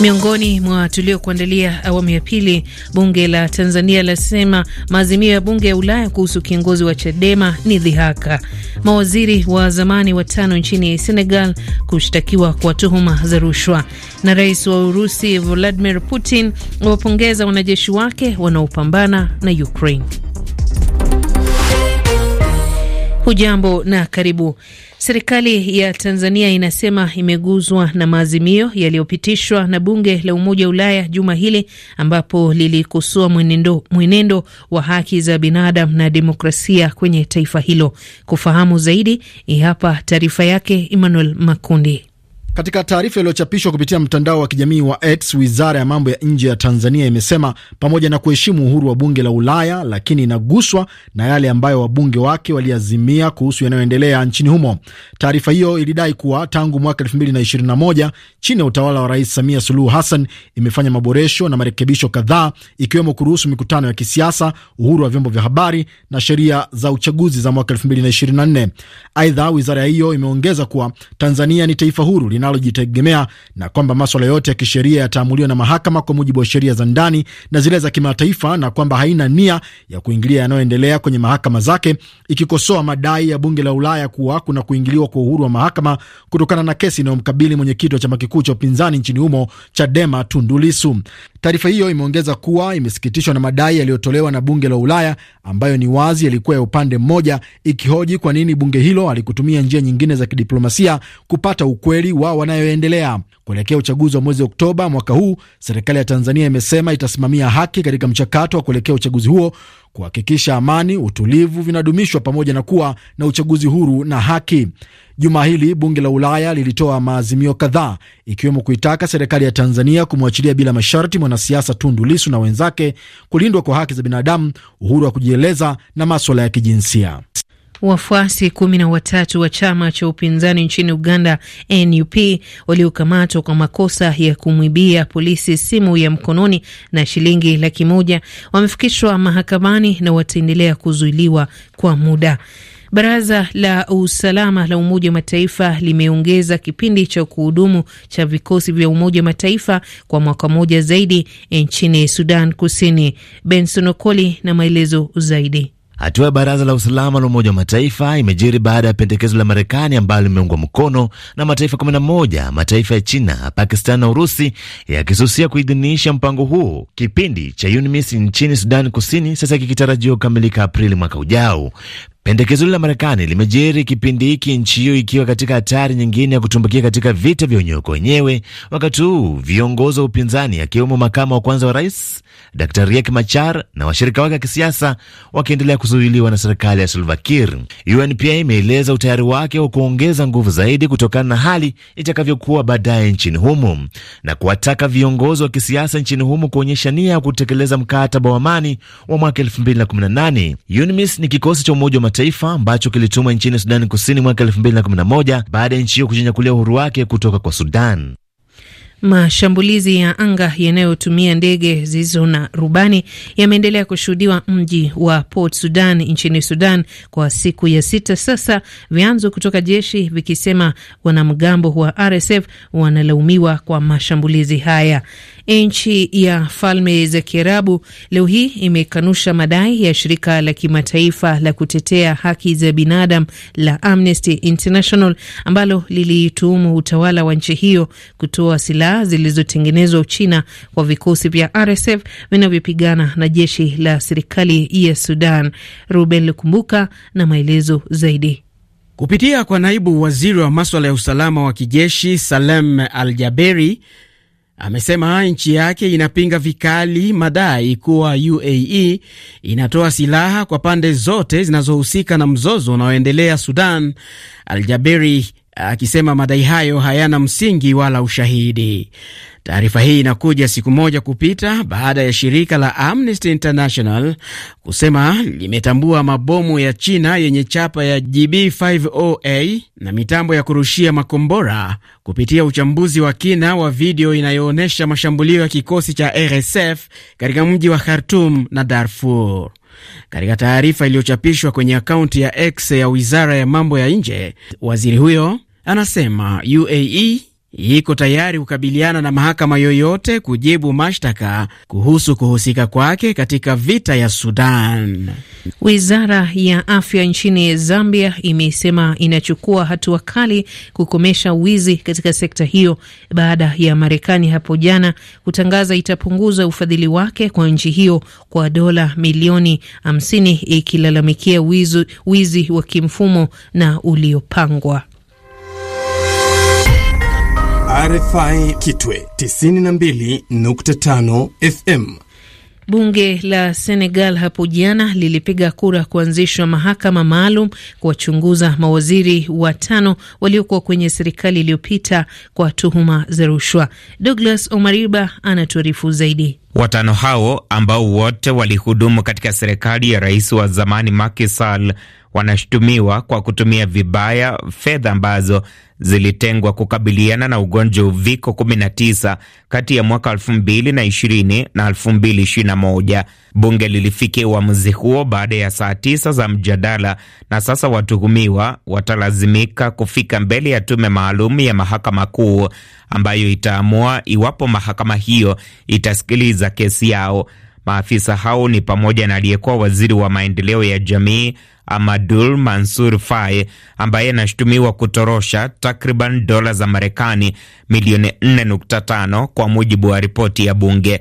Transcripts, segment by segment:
Miongoni mwa tuliokuandalia awamu ya pili, bunge la Tanzania lasema maazimio ya bunge ya Ulaya kuhusu kiongozi wa Chadema ni dhihaka. Mawaziri wa zamani watano nchini Senegal kushtakiwa kwa tuhuma za rushwa, na rais wa Urusi Vladimir Putin awapongeza wanajeshi wake wanaopambana na Ukraine. Hujambo na karibu. Serikali ya Tanzania inasema imeguzwa na maazimio yaliyopitishwa na bunge la Umoja wa Ulaya juma hili, ambapo lilikosoa mwenendo, mwenendo wa haki za binadamu na demokrasia kwenye taifa hilo. Kufahamu zaidi, hii hapa taarifa yake Emmanuel Makundi. Katika taarifa iliyochapishwa kupitia mtandao wa kijamii wa X, wizara ya mambo ya nje ya Tanzania imesema pamoja na kuheshimu uhuru wa bunge la Ulaya, lakini inaguswa na yale ambayo wabunge wake waliazimia kuhusu yanayoendelea nchini humo. Taarifa hiyo ilidai kuwa tangu mwaka 2021 chini ya utawala wa Rais Samia Suluhu Hassan imefanya maboresho na marekebisho kadhaa, ikiwemo kuruhusu mikutano ya kisiasa, uhuru wa vyombo vya habari na sheria za uchaguzi za mwaka 2024. Aidha, wizara hiyo imeongeza kuwa Tanzania ni taifa huru lina linalojitegemea na kwamba maswala yote ya kisheria yataamuliwa na mahakama kwa mujibu wa sheria za ndani na zile za kimataifa na kwamba haina nia ya kuingilia yanayoendelea kwenye mahakama zake, ikikosoa madai ya bunge la Ulaya kuwa kuna kuingiliwa kwa uhuru wa mahakama kutokana na kesi inayomkabili mwenyekiti wa chama kikuu cha upinzani nchini humo Chadema, Tundu Lissu. Taarifa hiyo imeongeza kuwa imesikitishwa na madai yaliyotolewa na bunge la Ulaya ambayo ni wazi yalikuwa ya upande mmoja, ikihoji kwa nini bunge hilo halikutumia njia nyingine za kidiplomasia kupata ukweli wa wanayoendelea kuelekea uchaguzi wa mwezi Oktoba mwaka huu. Serikali ya Tanzania imesema itasimamia haki katika mchakato wa kuelekea uchaguzi huo, kuhakikisha amani, utulivu vinadumishwa pamoja na kuwa na uchaguzi huru na haki. Juma hili bunge la Ulaya lilitoa maazimio kadhaa ikiwemo kuitaka serikali ya Tanzania kumwachilia bila masharti mwanasiasa Tundu Lisu na wenzake, kulindwa kwa haki za binadamu, uhuru wa kujieleza na maswala ya kijinsia. Wafuasi kumi na watatu wa chama cha upinzani nchini Uganda NUP waliokamatwa kwa makosa ya kumwibia polisi simu ya mkononi na shilingi laki moja wamefikishwa mahakamani na wataendelea kuzuiliwa kwa muda. Baraza la usalama la Umoja wa Mataifa limeongeza kipindi cha kuhudumu cha vikosi vya Umoja wa Mataifa kwa mwaka mmoja zaidi nchini Sudan Kusini. Benson Okoli na maelezo zaidi. Hatua ya Baraza la Usalama la Umoja wa Mataifa imejiri baada ya pendekezo la Marekani ambalo limeungwa mkono na mataifa 11, mataifa ya China, Pakistan na Urusi yakisusia kuidhinisha mpango huo, kipindi cha UNMISS nchini Sudani Kusini sasa kikitarajiwa kukamilika Aprili mwaka ujao. Pendekezo la Marekani limejiri kipindi hiki nchi hiyo ikiwa katika hatari nyingine ya kutumbukia katika vita vya wenyewe kwa wenyewe, wakati huu viongozi wa upinzani akiwemo makamu wa kwanza wa rais Dr Riek Machar na washirika wake wa kisiasa wakiendelea kuzuiliwa na serikali ya Salva Kiir. UN pia imeeleza utayari wake wa kuongeza nguvu zaidi kutokana na hali itakavyokuwa baadaye nchini humo na kuwataka viongozi wa kisiasa nchini humo kuonyesha nia ya kutekeleza mkataba wa amani wa mwaka 2018. UNMISS ni kikosi cha Umoja Mataifa ambacho kilitumwa nchini Sudani Kusini mwaka 2011 baada ya nchi hiyo kujinyakulia uhuru wake kutoka kwa Sudan. Mashambulizi ya anga yanayotumia ndege zilizo na rubani yameendelea kushuhudiwa mji wa Port Sudan nchini Sudan kwa siku ya sita sasa, vyanzo kutoka jeshi vikisema wanamgambo wa RSF wanalaumiwa kwa mashambulizi haya. Nchi ya Falme za Kiarabu leo hii imekanusha madai ya shirika la kimataifa la kutetea haki za binadamu la Amnesty International ambalo lilituhumu utawala wa nchi hiyo kutoa silaha silaha zilizotengenezwa Uchina kwa vikosi vya RSF vinavyopigana na jeshi la serikali ya Sudan. Ruben Lukumbuka na maelezo zaidi. Kupitia kwa naibu waziri wa maswala ya usalama wa kijeshi Salem al jaberi amesema nchi yake inapinga vikali madai kuwa UAE inatoa silaha kwa pande zote zinazohusika na mzozo unaoendelea Sudan. Aljaberi akisema madai hayo hayana msingi wala ushahidi. Taarifa hii inakuja siku moja kupita baada ya shirika la Amnesty International kusema limetambua mabomu ya China yenye chapa ya GB50A na mitambo ya kurushia makombora kupitia uchambuzi wa kina wa video inayoonyesha mashambulio ya kikosi cha RSF katika mji wa Khartoum na Darfur. Katika taarifa iliyochapishwa kwenye akaunti ya X ya wizara ya mambo ya nje, waziri huyo anasema UAE iko tayari kukabiliana na mahakama yoyote kujibu mashtaka kuhusu kuhusika kwake katika vita ya Sudan. Wizara ya afya nchini Zambia imesema inachukua hatua kali kukomesha wizi katika sekta hiyo baada ya Marekani hapo jana kutangaza itapunguza ufadhili wake kwa nchi hiyo kwa dola milioni 50 ikilalamikia wizi, wizi wa kimfumo na uliopangwa. RFI Kitwe 92.5 FM. Bunge la Senegal hapo jana lilipiga kura kuanzishwa mahakama maalum kuwachunguza mawaziri watano waliokuwa kwenye serikali iliyopita kwa tuhuma za rushwa. Douglas Omariba anatuarifu zaidi. Watano hao ambao wote walihudumu katika serikali ya rais wa zamani Macky Sall wanashutumiwa kwa kutumia vibaya fedha ambazo zilitengwa kukabiliana na ugonjwa uviko 19 kati ya mwaka 2020 na 2021. Bunge lilifikia uamuzi huo baada ya saa tisa za mjadala, na sasa watuhumiwa watalazimika kufika mbele ya tume maalum ya mahakama kuu ambayo itaamua iwapo mahakama hiyo itasikiliza kesi yao. Maafisa hao ni pamoja na aliyekuwa waziri wa maendeleo ya jamii Amadul Mansur Faye ambaye anashutumiwa kutorosha takriban dola za Marekani milioni 4.5 kwa mujibu wa ripoti ya bunge.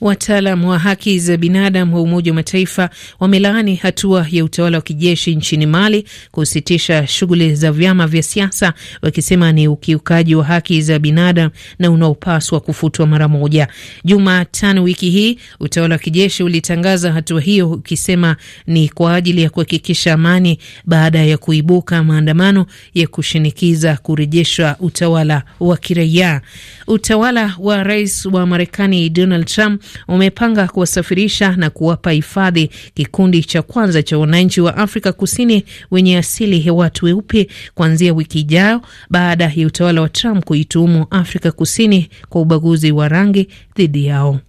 Wataalam wa haki za binadamu wa Umoja wa Mataifa wamelaani hatua ya utawala wa kijeshi nchini Mali kusitisha shughuli za vyama vya siasa, wakisema ni ukiukaji wa haki za binadamu na unaopaswa kufutwa mara moja. Jumatano wiki hii utawala wa kijeshi ulitangaza hatua hiyo ukisema ni kwa ajili ya kuhakikisha amani baada ya kuibuka maandamano ya kushinikiza kurejeshwa utawala wa kiraia. Utawala wa rais wa Marekani Donald Trump umepanga kuwasafirisha na kuwapa hifadhi kikundi cha kwanza cha wananchi wa Afrika Kusini wenye asili ya watu weupe kuanzia wiki ijayo baada ya utawala wa Trump kuituhumu Afrika Kusini kwa ubaguzi wa rangi dhidi yao.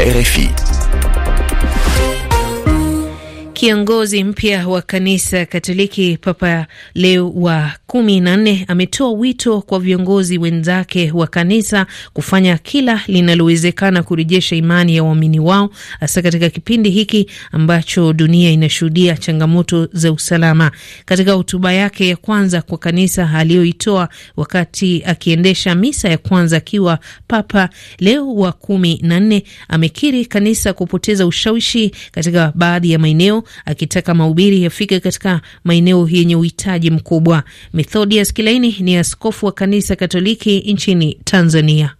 RFI Kiongozi mpya wa kanisa Katoliki Papa Leo wa kumi na nne ametoa wito kwa viongozi wenzake wa kanisa kufanya kila linalowezekana kurejesha imani ya waamini wao, hasa katika kipindi hiki ambacho dunia inashuhudia changamoto za usalama. Katika hotuba yake ya kwanza kwa kanisa aliyoitoa wakati akiendesha misa ya kwanza akiwa Papa Leo wa kumi na nne, amekiri kanisa kupoteza ushawishi katika baadhi ya maeneo akitaka mahubiri yafike katika maeneo yenye uhitaji mkubwa. Methodius Kilaini ni askofu wa kanisa Katoliki nchini Tanzania.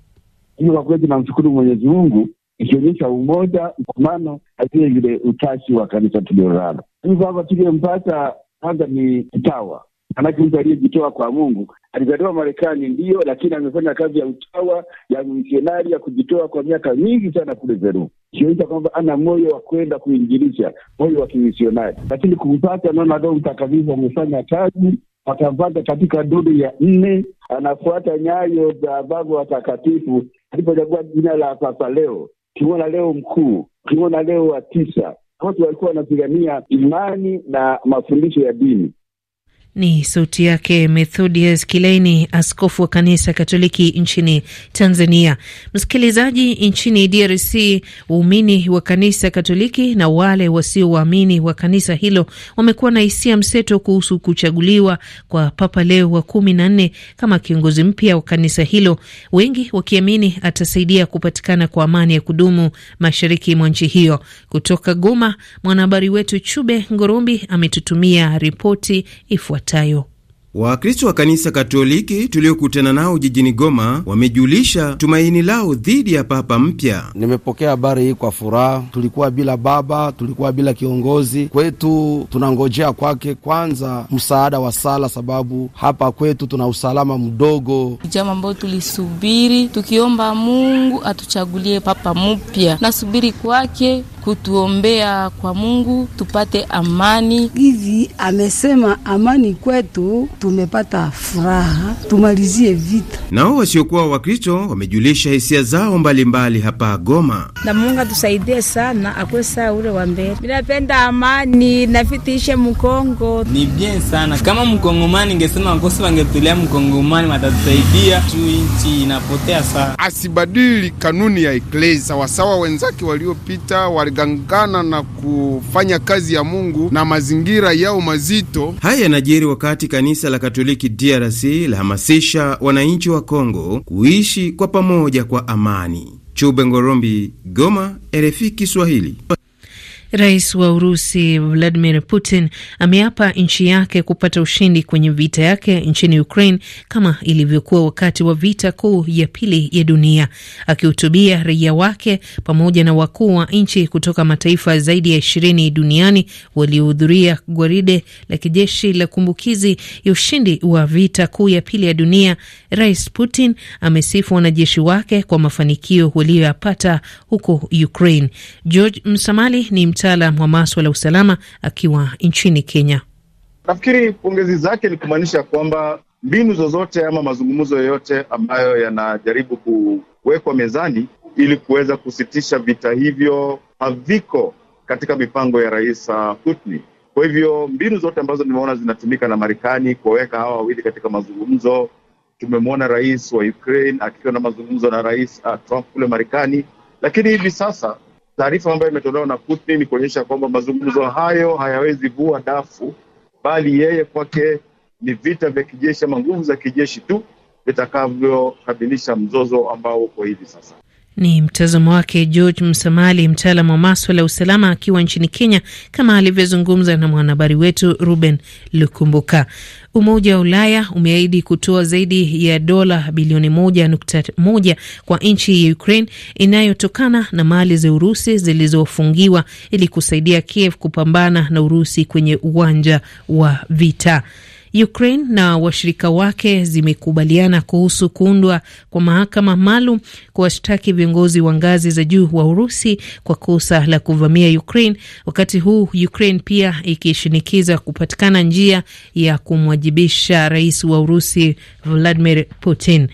Hiyo kwa kweli tunamshukuru Mwenyezi Mungu, ikionyesha umoja, mkumano na vile vile utashi wa kanisa tuliolalo. hapa tuliyempata kwanza ni utawa, manake mtu aliyejitoa kwa Mungu. Alizaliwa Marekani ndiyo, lakini amefanya kazi ya utawa ya misionari ya kujitoa kwa miaka mingi sana kule Peru ikionyesha kwamba ana moyo wa kwenda kuingilisha, moyo wa kimisionari. Lakini kumpata, naona Roho Mtakatifu amefanya kazi, akampata katika duru ya nne, anafuata nyayo za baba watakatifu alipochagua jina la Papa Leo. Ukimwona Leo Mkuu, ukimwona Leo wa tisa, watu walikuwa wanapigania imani na mafundisho ya dini ni sauti yake Methodius Kilaini, askofu wa kanisa Katoliki nchini Tanzania. Msikilizaji, nchini DRC waumini wa kanisa Katoliki na wale wasiowaamini wa kanisa hilo wamekuwa na hisia mseto kuhusu kuchaguliwa kwa Papa Leo wa kumi na nne kama kiongozi mpya wa kanisa hilo, wengi wakiamini atasaidia kupatikana kwa amani ya kudumu mashariki mwa nchi hiyo. Kutoka Goma, mwanahabari wetu Chube ngorumbi ametutumia ripoti ifuatayo yafuatayo. Wakristo wa kanisa Katoliki tuliokutana nao jijini Goma wamejulisha tumaini lao dhidi ya papa mpya. Nimepokea habari hii kwa furaha. Tulikuwa bila baba, tulikuwa bila kiongozi. Kwetu tunangojea kwake kwanza msaada wa sala, sababu hapa kwetu tuna usalama mdogo, jambo ambayo tulisubiri tukiomba Mungu atuchagulie papa mpya. Nasubiri kwake kutuombea kwa Mungu tupate amani. Hivi amesema amani kwetu, tumepata furaha, tumalizie vita. Nao wasiokuwa Wakristo wamejulisha hisia zao mbalimbali mbali hapa Goma. Na Mungu atusaidie sana, akwe saa ule wa mbele. Ninapenda amani na Mkongo. Ni bien sana kama Mkongomani, ningesema ngosi wangetulia Mkongomani, watatusaidia tu, nchi inapotea sana. Asibadili kanuni ya Eklesi sawasawa, wenzake waliopita wali waligangana na kufanya kazi ya Mungu na mazingira yao mazito. Haya yanajiri wakati kanisa la Katoliki DRC lahamasisha wananchi wa Kongo kuishi kwa pamoja kwa amani. Chube Ngorombi, Goma, RFI Kiswahili. Rais wa Urusi Vladimir Putin ameapa nchi yake kupata ushindi kwenye vita yake nchini Ukraine kama ilivyokuwa wakati wa vita kuu ya pili ya dunia. Akihutubia raia wake pamoja na wakuu wa nchi kutoka mataifa zaidi ya ishirini duniani waliohudhuria gwaride la kijeshi la kumbukizi ya ushindi wa vita kuu ya pili ya dunia, Rais Putin amesifu wanajeshi wake kwa mafanikio waliyoyapata huko Ukraine. George Msamali ni mtaalam wa maswala ya usalama akiwa nchini Kenya. Nafikiri pongezi zake ni kumaanisha kwamba mbinu zozote ama mazungumzo yoyote ambayo yanajaribu kuwekwa mezani ili kuweza kusitisha vita hivyo haviko katika mipango ya Rais uh, Putin. Kwa hivyo mbinu zote ambazo nimeona zinatumika na Marekani kuwaweka hawa wawili katika mazungumzo, tumemwona rais wa Ukraine akiwa na mazungumzo na Rais uh, Trump kule Marekani, lakini hivi sasa Taarifa ambayo imetolewa na Putin ni kuonyesha kwamba mazungumzo hayo hayawezi vua dafu, bali yeye kwake ni vita vya kijeshi ama nguvu za kijeshi tu vitakavyokabilisha mzozo ambao uko hivi sasa. Ni mtazamo wake George Msamali, mtaalamu wa maswala ya usalama akiwa nchini Kenya, kama alivyozungumza na mwanahabari wetu Ruben Lukumbuka. Umoja wa Ulaya umeahidi kutoa zaidi ya dola bilioni moja nukta moja kwa nchi ya Ukraine inayotokana na mali za Urusi zilizofungiwa ili kusaidia Kiev kupambana na Urusi kwenye uwanja wa vita. Ukraine na washirika wake zimekubaliana kuhusu kuundwa kwa mahakama maalum kuwashtaki viongozi wa ngazi za juu wa Urusi kwa kosa la kuvamia Ukraine, wakati huu Ukraine pia ikishinikiza kupatikana njia ya kumwajibisha rais wa Urusi Vladimir Putin.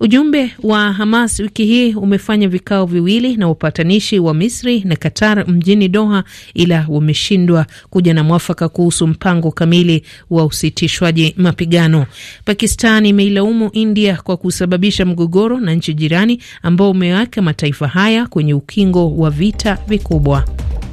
Ujumbe wa Hamas wiki hii umefanya vikao viwili na wapatanishi wa Misri na Qatar mjini Doha, ila wameshindwa kuja na mwafaka kuhusu mpango kamili wa usitishwaji mapigano. Pakistan imeilaumu India kwa kusababisha mgogoro na nchi jirani ambao umeweka mataifa haya kwenye ukingo wa vita vikubwa.